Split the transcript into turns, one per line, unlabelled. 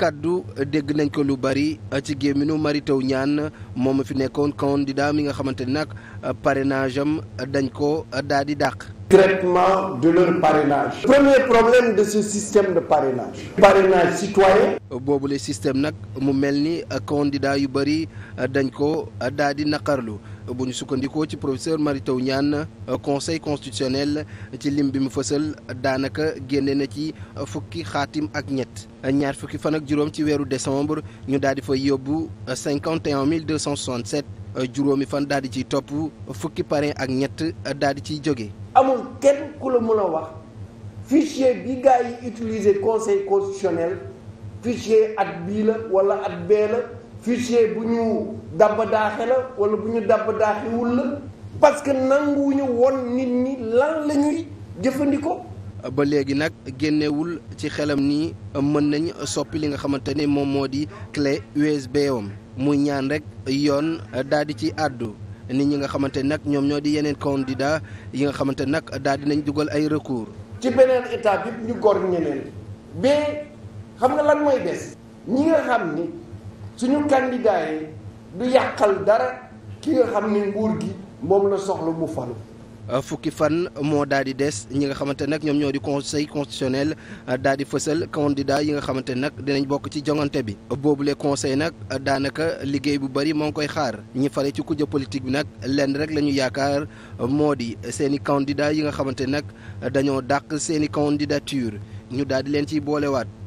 kàddu dégg nañ ko lu a ci gémminu Mary Teuw Niane moom fi nekkoon di candidat mi nga xamante ni nag parrainage am dañ ko daal di dàq.
traitement de leur parrainage. premier problème de ce système de parrainage. parrainage citoyen.
boobu le système nag mu mel ni candidat yu bëri dañ ko daal di naqarlu bu ñu sukkandikoo ci professeur Mary Teuw Niane conseil constitutionnel ci lim bi mu fësal daanaka génne na ci fukki xaatim ak ñett ñaar fukki fan ak juróom ci weeru décembre ñu daal di fa yóbbu cinquante et un mille cent soixante-sept juróomi fan daal di ciy topp fukki parrain ak ñett daal di ciy jóge.
amul kenn ku la mën a wax fichier bi gars yi utiliser conseil constitutionnel fichier at bii la wala at bee la fichier bu ñu dabba daaxe la wala bu
ñu dabba daaxewul la parce que nanguwuñu woon nit ñi lan la ñuy jëfandikoo. ba léegi nag génnewul ci xelam ni mën nañ soppi li nga xamante ne moom moo di clé USB wam muy ñaan rek yoon eh, daal di ci àddu nit ñi nga xamante nag ñoom ñoo di yeneen candidat yi nga xamante nag daal di nañ dugal ay recours.
ci beneen état bi ñu gor ñeneen
ba xam nga lan mooy des.
ñi nga xam ni suñu candidat yi du yàqal dara ki nga xam ni nguur gi
moom la soxla mu falu. Euh, fukki fan moo daal di des ñi nga xamante nag ñoom ñoo di conseil constitutionnel euh, daal di fësal candidat yi nga xamante nag dinañ bokk ci jongante bi boobu boobule conseil nag euh, daanaka liggéey bu bëri moo ngi koy xaar ñi fare ci kujje politique bi nag lenn rek la ñu yaakaar moo di seeni i yi nga xamante nag dañoo dàq seen i candidature ñu daal di leen ciy boolewaat